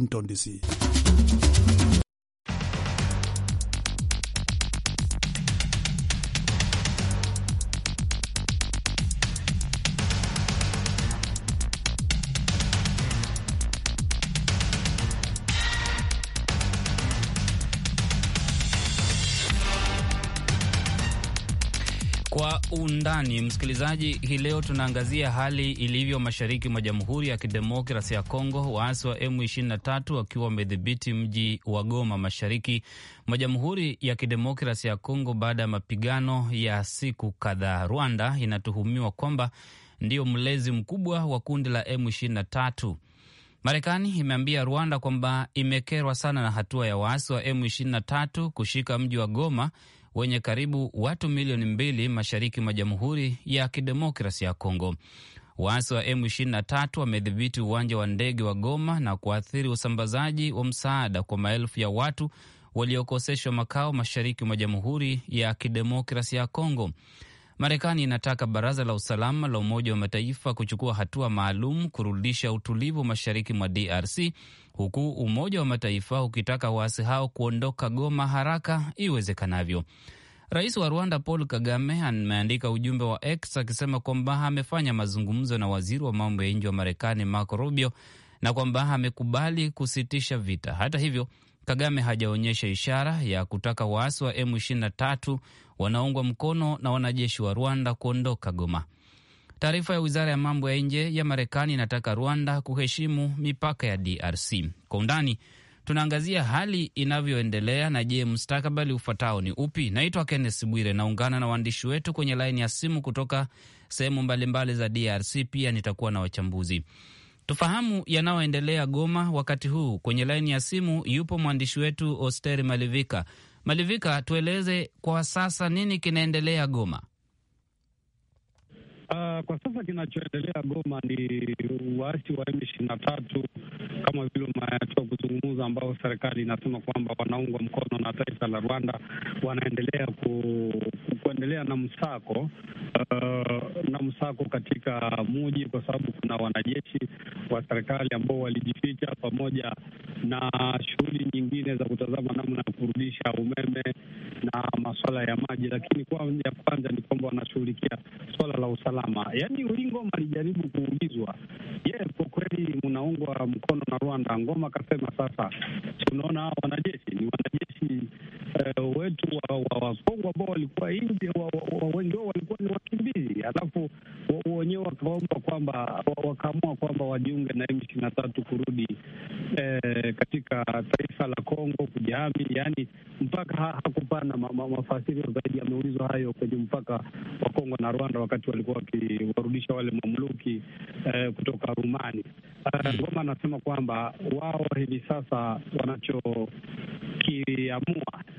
Washington DC. undani, msikilizaji, hii leo tunaangazia hali ilivyo mashariki mwa Jamhuri ya Kidemokrasi ya Kongo, waasi wa M23 wakiwa wamedhibiti mji wa Goma mashariki mwa Jamhuri ya Kidemokrasi ya Kongo baada ya mapigano ya siku kadhaa. Rwanda inatuhumiwa kwamba ndiyo mlezi mkubwa wa kundi la M23. Marekani imeambia Rwanda kwamba imekerwa sana na hatua ya waasi wa M23 kushika mji wa Goma wenye karibu watu milioni mbili mashariki mwa Jamhuri ya Kidemokrasi ya Kongo. Waasi wa M23 wamedhibiti uwanja wa ndege wa Goma na kuathiri usambazaji wa msaada kwa maelfu ya watu waliokoseshwa makao mashariki mwa Jamhuri ya Kidemokrasi ya Kongo. Marekani inataka baraza la usalama la Umoja wa Mataifa kuchukua hatua maalum kurudisha utulivu mashariki mwa DRC, huku Umoja wa Mataifa ukitaka waasi hao kuondoka Goma haraka iwezekanavyo. Rais wa Rwanda Paul Kagame ameandika ujumbe wa X akisema kwamba amefanya mazungumzo na waziri wa mambo ya nje wa Marekani Marco Rubio na kwamba amekubali kusitisha vita. Hata hivyo Kagame hajaonyesha ishara ya kutaka waasi wa M23 wanaungwa mkono na wanajeshi wa Rwanda kuondoka Goma. Taarifa ya wizara ya mambo ya nje ya Marekani inataka Rwanda kuheshimu mipaka ya DRC. Kwa undani tunaangazia hali inavyoendelea na je, mustakabali ufuatao ni upi? Naitwa Kenneth Bwire, naungana na waandishi wetu kwenye laini ya simu kutoka sehemu mbalimbali za DRC. Pia nitakuwa na wachambuzi Tufahamu yanayoendelea Goma wakati huu. Kwenye laini ya simu yupo mwandishi wetu Osteri Malivika. Malivika, tueleze kwa sasa nini kinaendelea Goma? Uh, kwa sasa kinachoendelea Goma ni waasi wa M ishirini na tatu kama vile umeatua kuzungumza, ambao serikali inasema kwamba wanaungwa mkono na taifa la Rwanda, wanaendelea ku, kuendelea na msako uh, na msako katika muji, kwa sababu kuna wanajeshi wa serikali ambao walijificha, pamoja na shughuli nyingine za kutazama namna ya kurudisha umeme na masuala ya maji, lakini kwa ya kwanza ni kwamba wanashughulikia swala la usalama usalama. Yaani ngoma alijaribu kuulizwa, je, yeah, kwa kweli mnaungwa mkono na Rwanda? Ngoma akasema sasa, si unaona hawa wanajeshi ni wanajeshi uh, wetu wa Wakongo wa ambao walikuwa nje, wengi wao walikuwa ni wakimbizi, alafu wakaomba kwamba wakaamua kwamba wajiunge na M ishirini na tatu kurudi eh, katika taifa la Kongo kujihami, yaani mpaka ha, hakupana ma, ma, mafasirio zaidi. Yameulizwa hayo kwenye mpaka wa Kongo na Rwanda wakati walikuwa wakiwarudisha wale mamluki eh, kutoka Rumani. Eh, Ngoma anasema kwamba wao hivi sasa wanachokiamua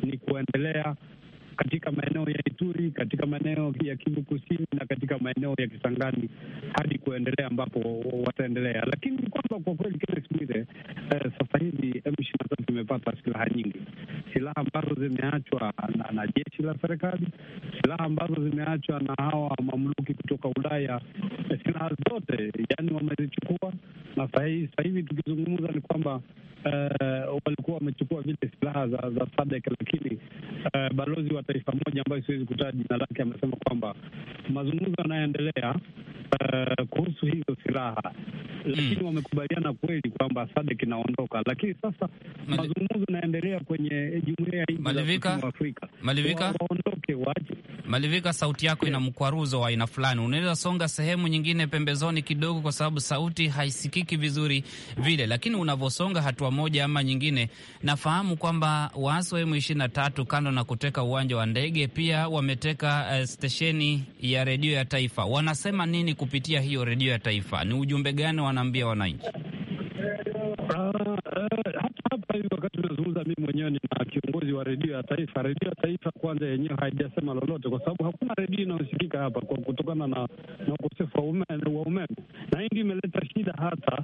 ni kuendelea katika maeneo ya Ituri, katika maeneo ya Kivu Kusini na katika maeneo ya Kisangani hadi kuendelea ambapo wataendelea, lakini kwanza kwamba kwa kweli kile siku eh, sasa hivi M23 imepata silaha nyingi, silaha ambazo zimeachwa na, na jeshi la serikali, silaha ambazo zimeachwa na hawa mamluki kutoka Ulaya, eh, silaha zote yani wamezichukua na sasa hivi tukizungumza ni kwamba uh, walikuwa wamechukua vile silaha za, za Sadek, lakini uh, balozi wa taifa moja ambayo siwezi kutaja jina lake amesema kwamba mazungumzo yanayoendelea uh, eh, kuhusu hizo silaha hmm. lakini mm, wamekubaliana kweli kwamba Sadek inaondoka, lakini sasa Mali... mazungumzo yanaendelea kwenye jumuiya ya nchi waondoke wake waje. Malivika, sauti yako ina mkwaruzo wa aina fulani, unaweza songa sehemu nyingine pembezoni kidogo, kwa sababu sauti haisikiki vizuri vile, lakini unavyosonga hatua moja ama nyingine, nafahamu kwamba waasi wa M23 kando na kuteka uwanja wa ndege, pia wameteka uh, stesheni ya redio ya taifa. Wanasema nini kupitia hiyo redio ya taifa? Ni ujumbe gani wanaambia wananchi? Ah, eh, hivi wakati tunazungumza, mimi mwenyewe nina kiongozi wa redio ya taifa. Redio ya taifa kwanza yenyewe haijasema lolote, kwa sababu hakuna redio inayosikika hapa kwa kutokana na, na ukosefu wa umeme, na hii ndio imeleta shida hata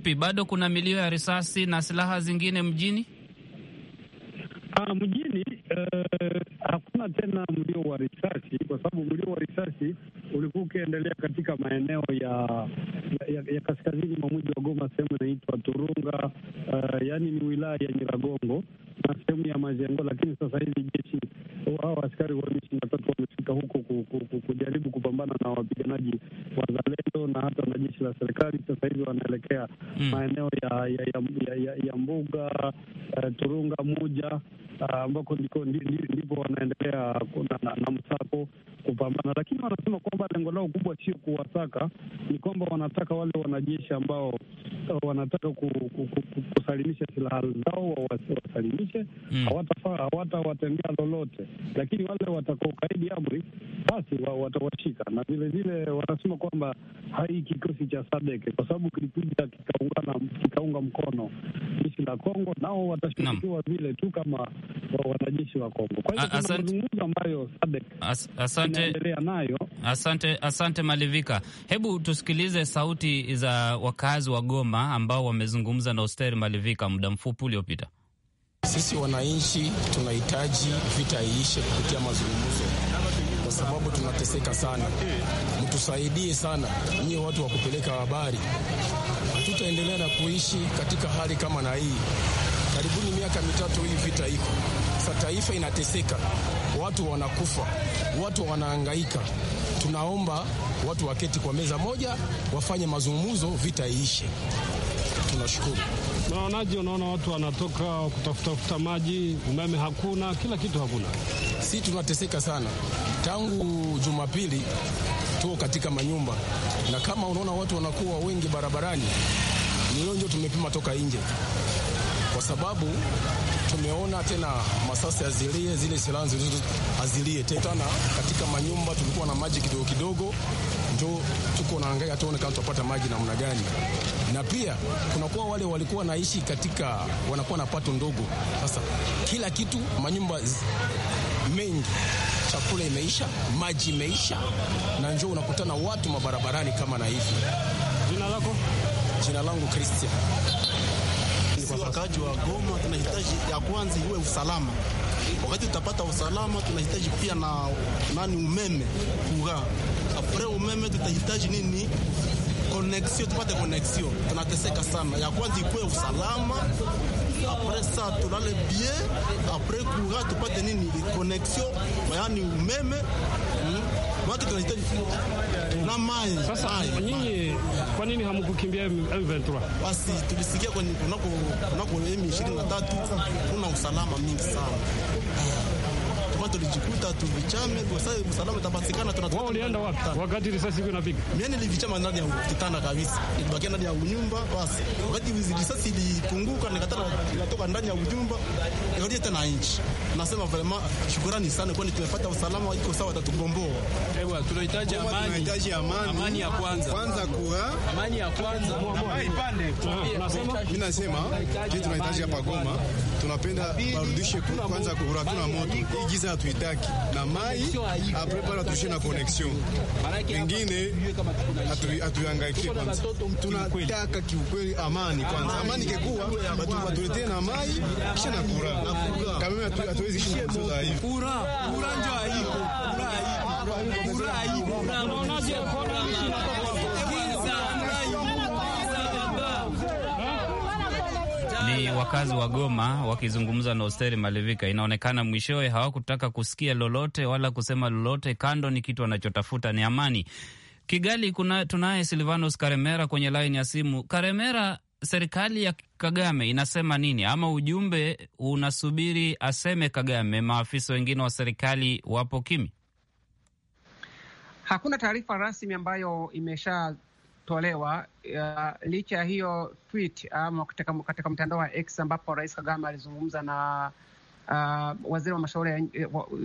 ufupi, bado kuna milio ya risasi na silaha zingine mjini? hawa askari wa m tatu wamefika huko kujaribu kupambana na wapiganaji wazalendo na hata na jeshi la serikali. Sasa hivi wanaelekea mm. maeneo ya, ya, ya, ya, ya mbuga uh, Turunga Muja ah, ambako uh, ndipo wanaendelea na, na, na msako kupambana, lakini wanasema kwamba lengo lao kubwa sio kuwasaka, ni kwamba wanataka wale wanajeshi ambao eh, wanataka ku, ku, ku, kusalimisha silaha zao wasalimishe, hmm. hawatawatendea lolote, lakini wale watakaokaidi amri basi wa, watawashika. Na vilevile wanasema kwamba hai kikosi cha Sadeke kwa sababu kilikuja kikaungana kikaunga mkono jeshi la Kongo, nao watashughulikiwa vile tu kama wanajeshi wa Kongo. Kwa hiyo kuna mazungumzo ambayo Sadeke asante, nayo. Asante, asante Malivika. Hebu tusikilize sauti za wakazi wa Goma ambao wamezungumza na Osteri Malivika muda mfupi uliopita. Sisi wananchi tunahitaji vita iishe kupitia mazungumzo, kwa sababu tunateseka sana. Mtusaidie sana nyie watu wa kupeleka habari, hatutaendelea na kuishi katika hali kama na hii karibuni miaka mitatu hii vita iko sa, taifa inateseka, watu wanakufa, watu wanaangaika Tunaomba watu waketi kwa meza moja, wafanye mazungumzo, vita iishe. Tunashukuru. Naonaje? Unaona watu wanatoka kutafutafuta maji, umeme hakuna, kila kitu hakuna. Si tunateseka sana tangu Jumapili tuko katika manyumba, na kama unaona watu wanakuwa wengi barabarani, nilio tumepima toka nje sababu tumeona tena masasi azilie zile silaha zilizo azilie tena katika manyumba. Tulikuwa na maji kidogo kidogo, ndio tuko naangalia tuone kama tutapata maji namna gani, na pia kunakuwa wale walikuwa naishi katika wanakuwa na pato ndogo. Sasa kila kitu manyumba mengi chakula imeisha, maji imeisha, na njoo unakutana watu mabarabarani kama na hivi. Jina lako? Jina langu Christian wakaaji wa Goma, tunahitaji ya kwanza iwe usalama. Wakati tutapata usalama, tunahitaji pia na nani, umeme kuga. Apre umeme tutahitaji nini? Koneksio, tupate koneksio. Tunateseka sana, ya kwanza ikuwe usalama apres sa tulale bie apres kuga tupate nini koneksio, yani umeme watu tunahitaji na mai. Sasa nyinyi kwa nini hamkukimbia M23? Basi tulisikia kunako M23 kuna usalama mingi sana tulijikuta tuvichame kwa sababu msalama utapatikana. Tunatoka wao walienda wapi wakati risasi hiyo inapiga? Mimi nilivichama ndani ya kitanda kabisa, nilibaki ndani ya nyumba. Basi wakati risasi ilipunguka, nikatana natoka ndani ya nyumba, nikaje tena nchi. Nasema vraiment shukrani sana, kwani tumepata usalama, iko sawa, tatukomboa. Ewa, tunahitaji amani, tunahitaji amani, amani ya kwanza kwanza, kwa amani ya kwanza. Ah, nasema Mimi nasema kitu tunahitaji hapa Goma tunapenda barudishe kwanza kuratuna moto hii giza hatuitaki na mai apre pale atushe na koneksio mengine hatuangaikie kwanza. Tunataka kiukweli amani kwanza, amani kekuwa watuletee na mai kisha na kura kameme, hatuwezi ishi za hivi kura kura njo haiko kura haiko kura haiko ni wakazi wa Goma wakizungumza na Hosteri Malivika. Inaonekana mwishowe hawakutaka kusikia lolote wala kusema lolote, kando ni kitu anachotafuta ni amani. Kigali kuna, tunaye Silvanos Karemera kwenye laini ya simu. Karemera, serikali ya Kagame inasema nini, ama ujumbe unasubiri aseme Kagame? Maafisa wengine wa serikali wapo kimi. Hakuna taarifa rasmi ambayo imesha kutolewa uh, licha ya hiyo tweet ama ah, katika, katika mtandao wa X ambapo Rais Kagame alizungumza na uh, waziri wa mashauri ya,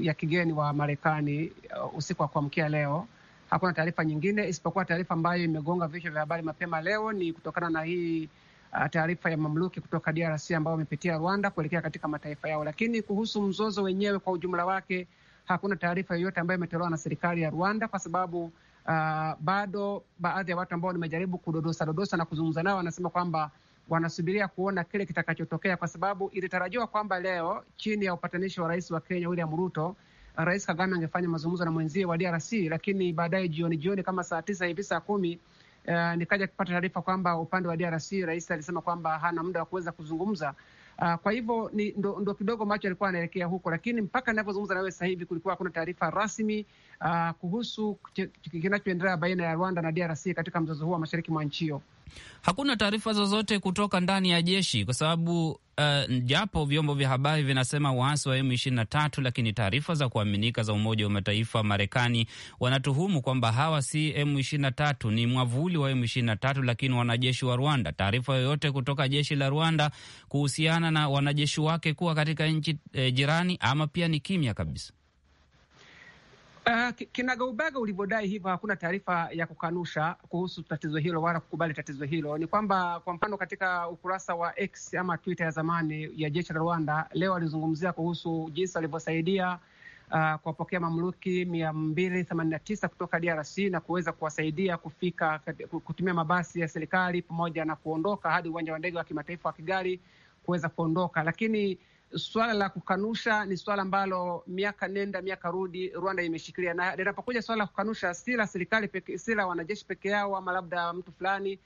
ya kigeni wa Marekani uh, usiku wa kuamkia leo. Hakuna taarifa nyingine isipokuwa taarifa ambayo imegonga vichwa vya habari mapema leo ni kutokana na hii uh, taarifa ya mamluki kutoka DRC ambao wamepitia Rwanda kuelekea katika mataifa yao, lakini kuhusu mzozo wenyewe kwa ujumla wake hakuna taarifa yoyote ambayo imetolewa na serikali ya Rwanda kwa sababu uh, bado baadhi ya watu ambao nimejaribu kudodosa dodosa na kuzungumza nao wanasema kwamba wanasubiria kuona kile kitakachotokea, kwa sababu ilitarajiwa kwamba leo chini ya upatanishi wa rais wa Kenya William Ruto, Rais Kagame angefanya mazungumzo na mwenzie wa DRC, lakini baadaye jioni jioni kama saa tisa hivi saa kumi Uh, nikaja kupata taarifa kwamba upande wa DRC rais alisema kwamba hana muda wa kuweza kuzungumza, Uh, kwa hivyo ni ndo, ndo kidogo macho alikuwa anaelekea huko, lakini mpaka ninavyozungumza wewe sasa hivi kulikuwa hakuna taarifa rasmi uh, kuhusu kinachoendelea baina ya Rwanda na DRC katika mzozo huu wa mashariki mwa nchi hiyo. Hakuna taarifa zozote kutoka ndani ya jeshi kwa sababu uh, japo vyombo vya habari vinasema waasi wa M23, lakini taarifa za kuaminika za Umoja wa Mataifa, Marekani wanatuhumu kwamba hawa si M23, ni mwavuli wa M23, lakini wanajeshi wa Rwanda. Taarifa yoyote kutoka jeshi la Rwanda kuhusiana na wanajeshi wake kuwa katika nchi eh, jirani ama pia ni kimya kabisa. Uh, kinagaubaga ulivyodai hivyo, hakuna taarifa ya kukanusha kuhusu tatizo hilo wala kukubali tatizo hilo. Ni kwamba kwa mfano katika ukurasa wa X ama Twitter ya zamani ya jeshi la Rwanda leo alizungumzia kuhusu jinsi walivyosaidia uh, eh, kuwapokea mamluki mia mbili themanini na tisa kutoka DRC na kuweza kuwasaidia kufika kutumia mabasi ya serikali pamoja na kuondoka hadi uwanja wa ndege wa kimataifa wa Kigali kuweza kuondoka, lakini Swala la kukanusha ni swala ambalo miaka nenda miaka rudi Rwanda imeshikilia, na linapokuja swala la kukanusha, si la serikali peke, si la wanajeshi peke yao ama labda mtu fulani,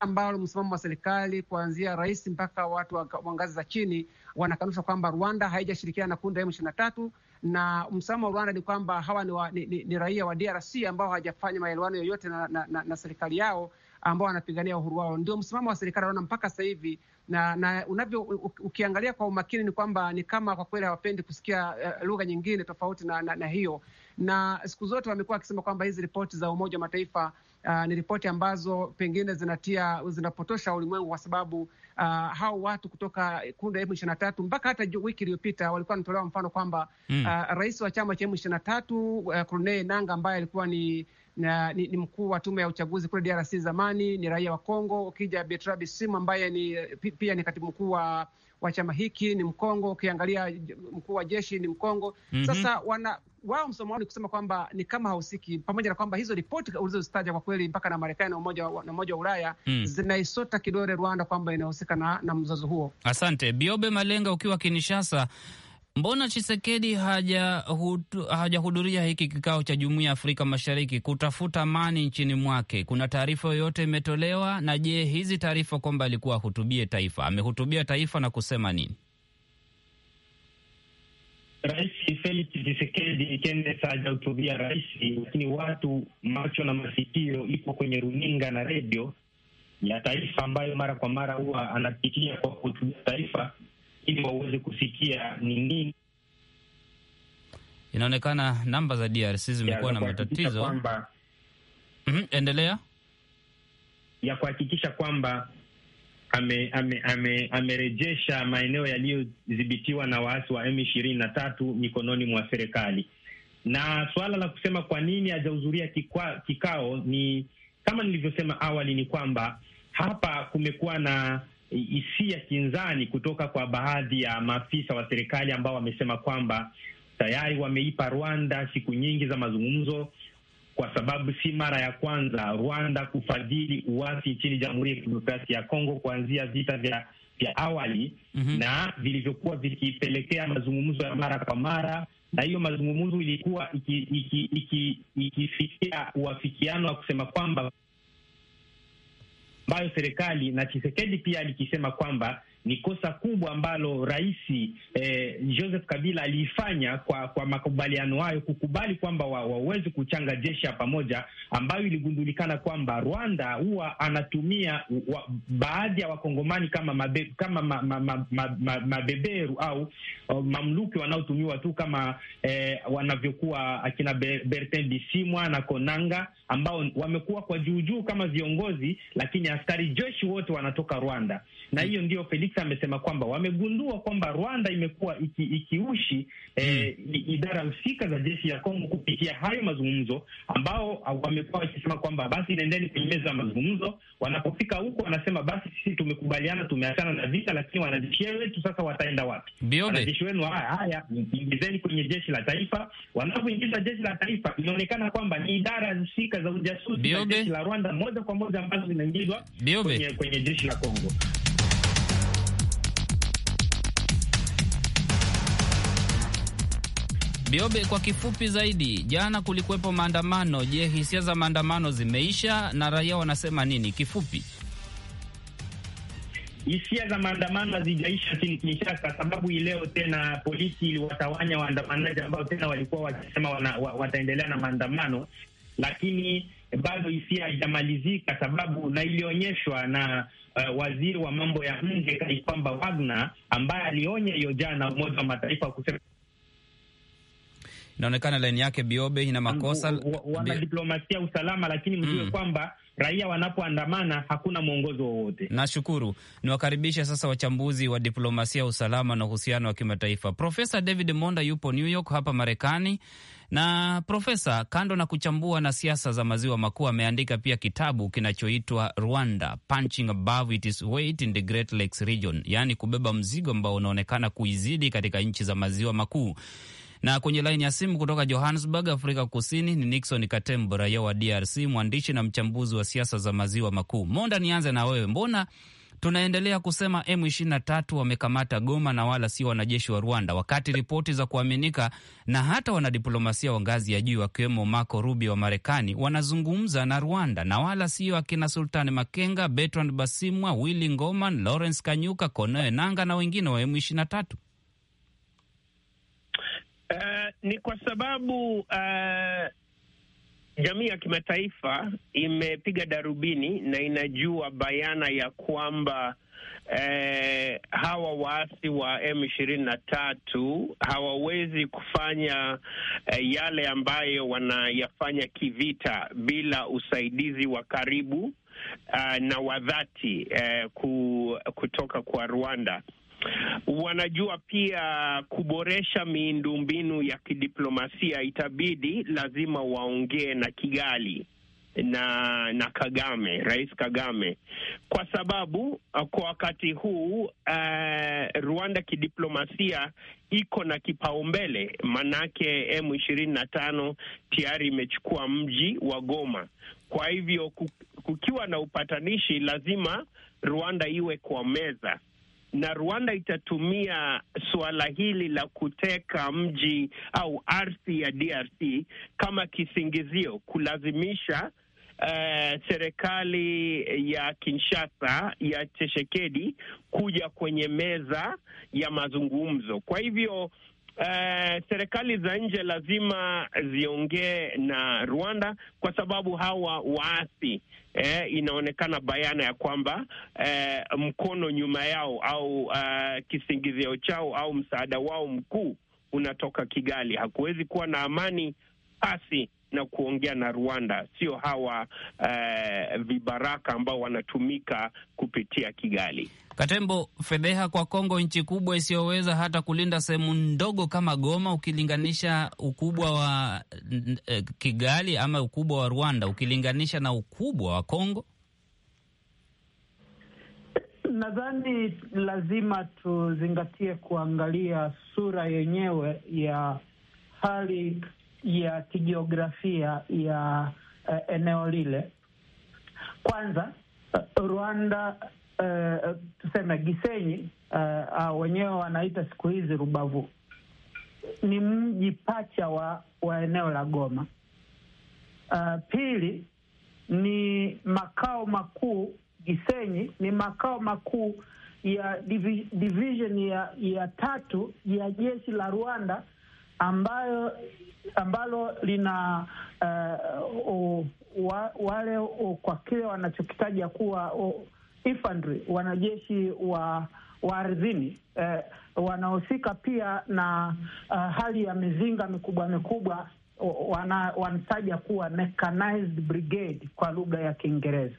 ambalo msimamo wa serikali kuanzia rais mpaka watu wa ngazi za chini wanakanusha kwamba Rwanda haijashirikiana na kundi la M23 na msimamo wa Rwanda ni kwamba hawa ni, wa, ni, ni, ni raia wa DRC ambao hawajafanya maelewano yoyote na, na, na, na serikali yao ambao wanapigania uhuru wao. Ndio msimamo wa serikali Rwanda mpaka sasa hivi, na, na unavyo ukiangalia kwa umakini ni kwamba ni kama kwa kweli hawapendi kusikia uh, lugha nyingine tofauti na, na, na hiyo na siku zote wamekuwa wakisema kwamba hizi ripoti za Umoja wa Mataifa uh, ni ripoti ambazo pengine zinatia zinapotosha ulimwengu kwa sababu uh, hao watu kutoka kundi la m tatu mpaka hata wiki iliyopita walikuwa wanatolewa mfano kwamba mm. uh, rais wa chama cha m tatu uh, Corneille Nangaa ambaye alikuwa ni na ni, ni mkuu wa tume ya uchaguzi kule DRC zamani, ni raia wa Kongo. Ukija Bertrand Bisimwa ambaye ni pia ni katibu mkuu wa wa chama hiki ni Mkongo. Ukiangalia mkuu wa jeshi ni Mkongo. mm -hmm. Sasa wana wao msomo wao ni kusema kwamba ni kama hausiki, pamoja na kwamba hizo ripoti ulizozitaja kwa kweli mpaka na Marekani na Umoja wa, na Umoja wa Ulaya mm. zinaisota kidore Rwanda kwamba inahusika na, na mzozo huo. Asante Biobe Malenga ukiwa Kinshasa. Mbona Chisekedi hajahudhuria haja hiki kikao cha jumuiya ya Afrika Mashariki kutafuta amani nchini mwake? Kuna taarifa yoyote imetolewa? Na je, hizi taarifa kwamba alikuwa ahutubie taifa, amehutubia taifa na kusema nini? Rais Felix Chisekedi kendesa hajahutubia rais, lakini watu macho na masikio ipo kwenye runinga na redio ya taifa ambayo mara kwa mara huwa anapitia kwa kuhutubia taifa ili waweze kusikia ni nini. Inaonekana namba za DRC zimekuwa na matatizo kwamba... mm -hmm, endelea ya kuhakikisha kwamba amerejesha ame, ame, ame maeneo yaliyodhibitiwa na waasi wa M ishirini na tatu mikononi mwa serikali. Na suala la kusema kwa nini hajahudhuria kikao ni kama nilivyosema awali, ni kwamba hapa kumekuwa na hisia kinzani kutoka kwa baadhi ya maafisa wa serikali ambao wamesema kwamba tayari wameipa Rwanda siku nyingi za mazungumzo, kwa sababu si mara ya kwanza Rwanda kufadhili uasi nchini Jamhuri ya Kidemokrasia ya Kongo kuanzia vita vya vya awali mm -hmm. na vilivyokuwa vikipelekea mazungumzo ya mara kwa mara, na hiyo mazungumzo ilikuwa ikifikia iki, iki, iki, uafikiano wa kusema kwamba ambayo serikali na Chisekedi pia alikisema kwamba ni kosa kubwa ambalo rais eh, Joseph Kabila aliifanya kwa kwa makubaliano hayo, kukubali kwamba wawezi wa kuchanga jeshi ya pamoja, ambayo iligundulikana kwamba Rwanda huwa anatumia wa, baadhi ya wakongomani kama mabe, kama ma, ma, ma, ma, ma, mabeberu au mamluki wanaotumiwa tu kama eh, wanavyokuwa akina Bertin Bisimwa na Konanga ambao wamekuwa kwa juujuu kama viongozi, lakini askari jeshi wote wanatoka Rwanda na hiyo ndio Felix kabisa amesema kwamba wamegundua kwamba Rwanda imekuwa iki, ikiushi eh, hmm. idara husika za jeshi ya Kongo kupitia hayo mazungumzo, ambao wamekuwa wakisema kwamba basi nendeni kwenye meza ya mazungumzo. Wanapofika huko wanasema basi sisi tumekubaliana, tumeachana na vita, lakini wanajeshi wetu sasa wataenda wapi? Wanajeshi wenu haya haya, ingizeni kwenye jeshi la taifa. Wanapoingiza jeshi la taifa, inaonekana kwamba ni idara husika za ujasusi za jeshi la Rwanda moja kwa moja ambazo zinaingizwa kwenye, kwenye jeshi la Kongo. Biobe, kwa kifupi zaidi, jana kulikuwepo maandamano. Je, hisia za maandamano zimeisha na raia wanasema nini? Kifupi, hisia za maandamano hazijaisha chini Kinshasa, sababu leo tena polisi iliwatawanya waandamanaji ambao tena walikuwa wakisema wa, wataendelea na maandamano, lakini bado hisia haijamalizika, sababu na ilionyeshwa na Uh, waziri wa mambo ya nje kai kwamba Wagner ambaye alionya hiyo jana Umoja wa Mataifa kusema inaonekana laini yake Biobe ina makosa. Wanadiplomasia usalama, lakini mjue mm, kwamba raia wanapoandamana hakuna mwongozo wowote. Nashukuru, niwakaribishe sasa wachambuzi wa diplomasia usalama na uhusiano wa kimataifa. Profesa David Monda yupo New York hapa Marekani. Na profesa, kando na kuchambua na siasa za maziwa makuu, ameandika pia kitabu kinachoitwa Rwanda Punching Above Its Weight in the Great Lakes Region, yaani kubeba mzigo ambao unaonekana kuizidi katika nchi za maziwa makuu. Na kwenye laini ya simu kutoka Johannesburg, Afrika Kusini, ni Nixon Katembo, raia wa DRC, mwandishi na mchambuzi wa siasa za maziwa makuu. Monda, nianze na wewe, mbona tunaendelea kusema M23 wamekamata Goma na wala sio wanajeshi wa Rwanda, wakati ripoti za kuaminika na hata wanadiplomasia wa ngazi ya juu wakiwemo Marco Rubio wa Marekani wanazungumza na Rwanda na wala sio akina Sultani Makenga, Bertrand Basimwa, Willy Ngoman, Lawrence Kanyuka, Konoe Nanga na wengine wa M23? Eh, ni kwa sababu uh, jamii ya kimataifa imepiga darubini na inajua bayana ya kwamba eh, hawa waasi wa M ishirini na tatu hawawezi kufanya eh, yale ambayo wanayafanya kivita bila usaidizi wa karibu uh, na wadhati eh, kutoka kwa Rwanda wanajua pia kuboresha miundombinu ya kidiplomasia itabidi lazima waongee na Kigali na na Kagame, Rais Kagame, kwa sababu uh, kwa wakati huu uh, Rwanda kidiplomasia iko na kipaumbele, manake M ishirini na tano tayari imechukua mji wa Goma. Kwa hivyo kukiwa na upatanishi, lazima Rwanda iwe kwa meza na Rwanda itatumia suala hili la kuteka mji au ardhi ya DRC kama kisingizio kulazimisha Uh, serikali ya Kinshasa ya Tshisekedi kuja kwenye meza ya mazungumzo. Kwa hivyo uh, serikali za nje lazima ziongee na Rwanda kwa sababu hawa waasi eh, inaonekana bayana ya kwamba eh, mkono nyuma yao au uh, kisingizio chao au msaada wao mkuu unatoka Kigali. Hakuwezi kuwa na amani pasi na kuongea na Rwanda, sio hawa uh, vibaraka ambao wanatumika kupitia Kigali. Katembo, fedheha kwa Kongo, nchi kubwa isiyoweza hata kulinda sehemu ndogo kama Goma, ukilinganisha ukubwa wa eh, Kigali ama ukubwa wa Rwanda, ukilinganisha na ukubwa wa Kongo. Nadhani lazima tuzingatie kuangalia sura yenyewe ya hali ya kijiografia ya uh, eneo lile. Kwanza uh, Rwanda uh, tuseme Gisenyi uh, uh, wenyewe wanaita siku hizi Rubavu ni mji pacha wa, wa eneo la Goma. Uh, pili ni makao makuu Gisenyi ni makao makuu ya divi, division ya, ya tatu ya jeshi la Rwanda ambayo ambalo lina uh, wa, wale uh, kwa kile wanachokitaja kuwa uh, infantry, wanajeshi wa wa ardhini eh, wanahusika pia na uh, hali ya mizinga mikubwa mikubwa, wanataja kuwa mechanized brigade kwa lugha ya Kiingereza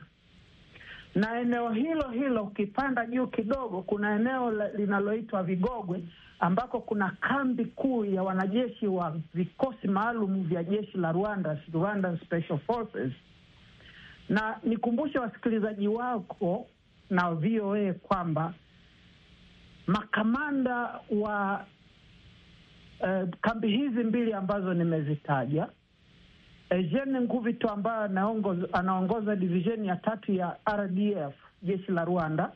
na eneo hilo hilo ukipanda juu kidogo, kuna eneo linaloitwa Vigogwe ambako kuna kambi kuu ya wanajeshi wa vikosi maalum vya jeshi la Rwanda, Rwanda Special Forces. Na nikumbushe wasikilizaji wako na VOA kwamba makamanda wa uh, kambi hizi mbili ambazo nimezitaja Eugene eh, tu ambaye anaongoza divisheni ya tatu ya RDF jeshi la Rwanda,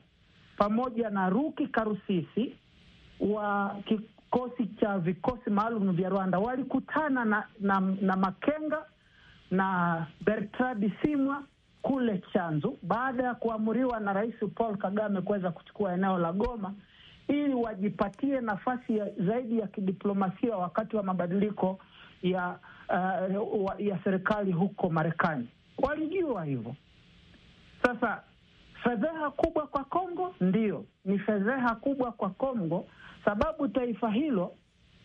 pamoja na Ruki Karusisi wa kikosi cha vikosi maalum vya Rwanda walikutana na, na, na Makenga na Bertrand Simwa kule Chanzu baada ya kuamuriwa na Rais Paul Kagame kuweza kuchukua eneo la Goma ili wajipatie nafasi ya zaidi ya kidiplomasia wakati wa mabadiliko ya uh, ya serikali huko Marekani. Walijua hivyo. Sasa fedheha kubwa kwa Kongo, ndio ni fedheha kubwa kwa Kongo, sababu taifa hilo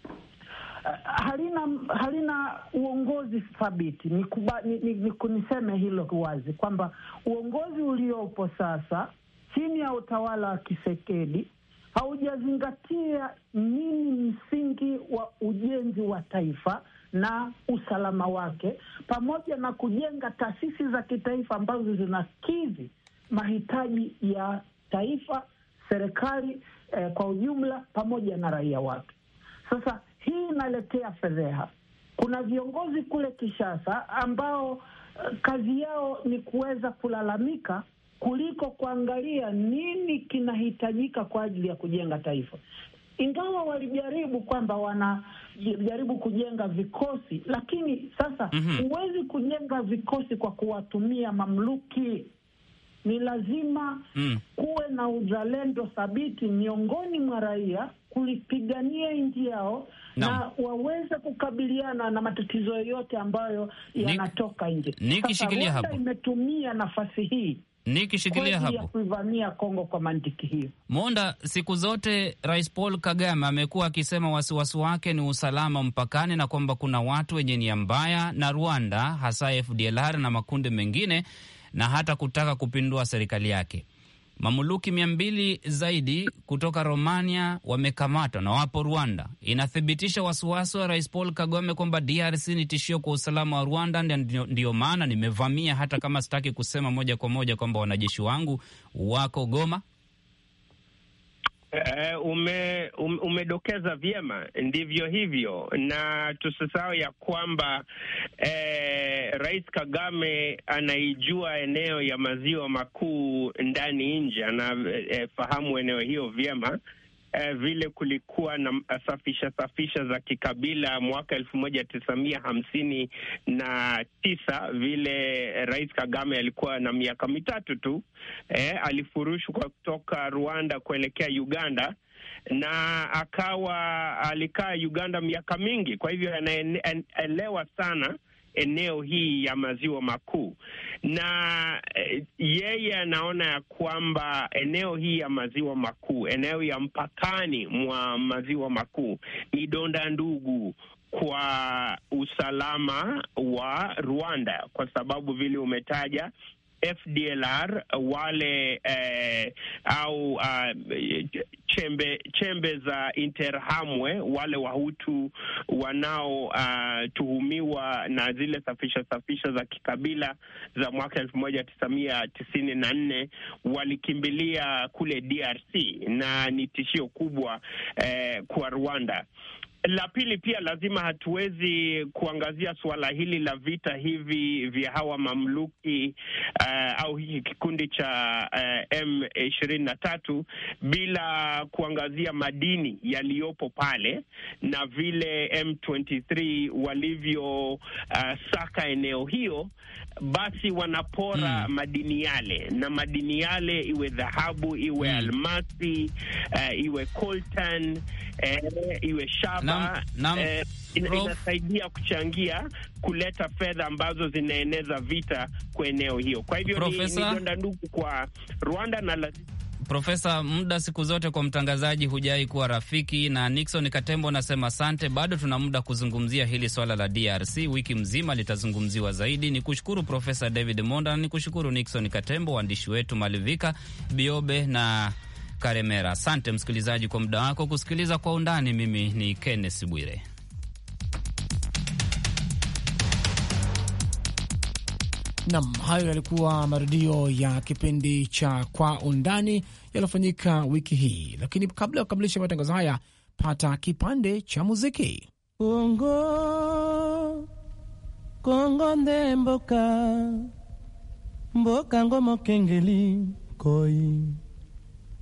uh, halina halina uongozi thabiti. Niseme hilo wazi kwamba uongozi uliopo sasa chini ya utawala wa Kisekedi haujazingatia nini msingi wa ujenzi wa taifa na usalama wake pamoja na kujenga taasisi za kitaifa ambazo zinakidhi mahitaji ya taifa, serikali eh, kwa ujumla pamoja na raia wake. Sasa hii inaletea fedheha. Kuna viongozi kule Kishasa ambao eh, kazi yao ni kuweza kulalamika kuliko kuangalia nini kinahitajika kwa ajili ya kujenga taifa ingawa walijaribu kwamba wanajaribu kujenga vikosi, lakini sasa mhm. huwezi mm -hmm. kujenga vikosi kwa kuwatumia mamluki. Ni lazima mm. kuwe na uzalendo thabiti miongoni mwa raia kulipigania nchi yao na, na waweze kukabiliana na matatizo yoyote ambayo yanatoka nje. imetumia nafasi hii nikishikilia hapo kuivamia Kongo kwa mantiki hiyo. Monda, siku zote Rais Paul Kagame amekuwa akisema wasiwasi wake ni usalama mpakani na kwamba kuna watu wenye nia mbaya na Rwanda, hasa FDLR na makundi mengine, na hata kutaka kupindua serikali yake. Mamuluki mia mbili zaidi kutoka Romania wamekamatwa na wapo Rwanda. Inathibitisha wasiwasi wa Rais Paul Kagame kwamba DRC ni tishio kwa usalama wa Rwanda. Ndiyo, ndiyo maana nimevamia, hata kama sitaki kusema moja kwa moja kwamba wanajeshi wangu wako Goma, Uh, ume, um, umedokeza vyema, ndivyo hivyo, na tusisahau ya kwamba uh, Rais Kagame anaijua eneo ya maziwa makuu ndani nje, anafahamu eh, uh, eneo hiyo vyema eh, vile kulikuwa na eh, safisha safisha za kikabila mwaka elfu moja tisamia hamsini na tisa vile eh, Rais Kagame alikuwa na miaka mitatu tu eh, alifurushwa kutoka Rwanda kuelekea Uganda na akawa alikaa Uganda miaka mingi, kwa hivyo anaelewa sana eneo hii ya maziwa makuu, na eh, yeye anaona ya kwamba eneo hii ya maziwa makuu, eneo ya mpakani mwa maziwa makuu ni donda ndugu kwa usalama wa Rwanda kwa sababu vile umetaja FDLR wale eh, au uh, chembe chembe za Interhamwe, wale wahutu wanaotuhumiwa uh, na zile safisha safisha za kikabila za mwaka elfu moja tisa mia tisini na nne walikimbilia kule DRC na ni tishio kubwa eh, kwa Rwanda. La pili pia lazima hatuwezi kuangazia suala hili la vita hivi vya hawa mamluki uh, au hiki kikundi cha eh, M ishirini na tatu bila kuangazia madini yaliyopo pale na vile M23 walivyosaka uh, eneo hiyo, basi wanapora mm. madini yale, na madini yale iwe dhahabu iwe mm. almasi uh, iwe coltan uh, iwe shaba nam, nam. Uh, inasaidia kuchangia kuleta fedha ambazo zinaeneza vita kwa eneo hiyo. Kwa hivyo ni donda ndugu kwa Rwanda na lazima Profesa, muda siku zote kwa mtangazaji hujai kuwa rafiki. Na Nixon Katembo nasema sante bado tuna muda kuzungumzia hili swala la DRC, wiki mzima litazungumziwa zaidi. Ni kushukuru Profesa David Monda, ni kushukuru Nixon Katembo, waandishi wetu Malivika Biobe na Karemera. Asante msikilizaji kwa muda wako kusikiliza kwa undani. Mimi ni Kenneth Bwire. Nam, hayo yalikuwa marudio ya kipindi cha Kwa Undani yaliyofanyika wiki hii, lakini kabla ya kukamilisha matangazo haya, pata kipande cha muziki Kongo Kongo nde mboka mboka ngomo kengeli koi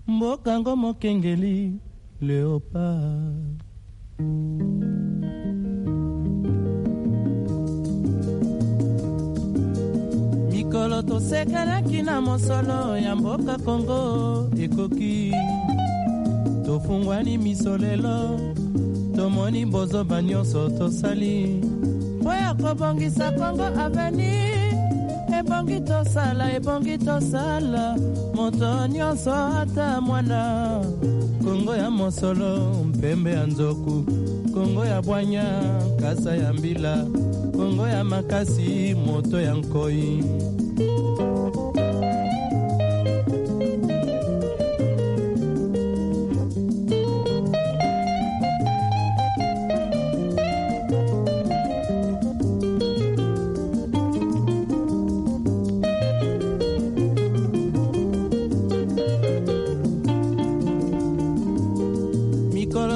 mboka ngomo kengeli leopa mikolo tosekelaki na mosolo ya mboka kongo ekoki tofungwani miso lelo tomoni bozoba nyonso tosali mpo ya kobongisa kongo aveni ebongi tosala ebongi tosala moto nyonso ata mwana kongo ya mosolo mpembe ya nzoku kongo ya bwanya kasa ya mbila ngongo ya makasi moto ya nkoi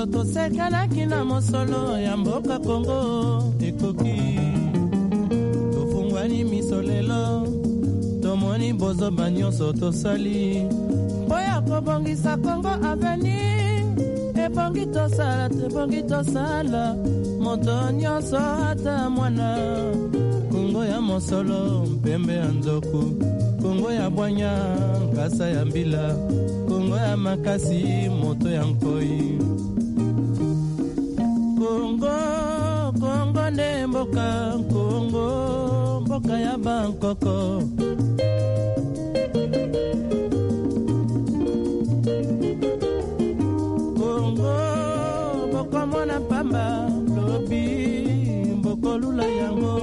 tosekanaki na mosolo ya mboka kongo ekoki tomoni miso lelo tomoni bozoba nyonso tosali mpo ya kobongisa kongo aveni ebongi tosala tebongi tosala moto nyonso ata mwana kongo ya mosolo mpembe ya nzoku kongo ya bwanya nkasa ya mbila kongo ya makasi moto ya nkoi kongo kongo nde mboka kongo mboka ya bankoko kongo bokomona pamba lobi bokolula yango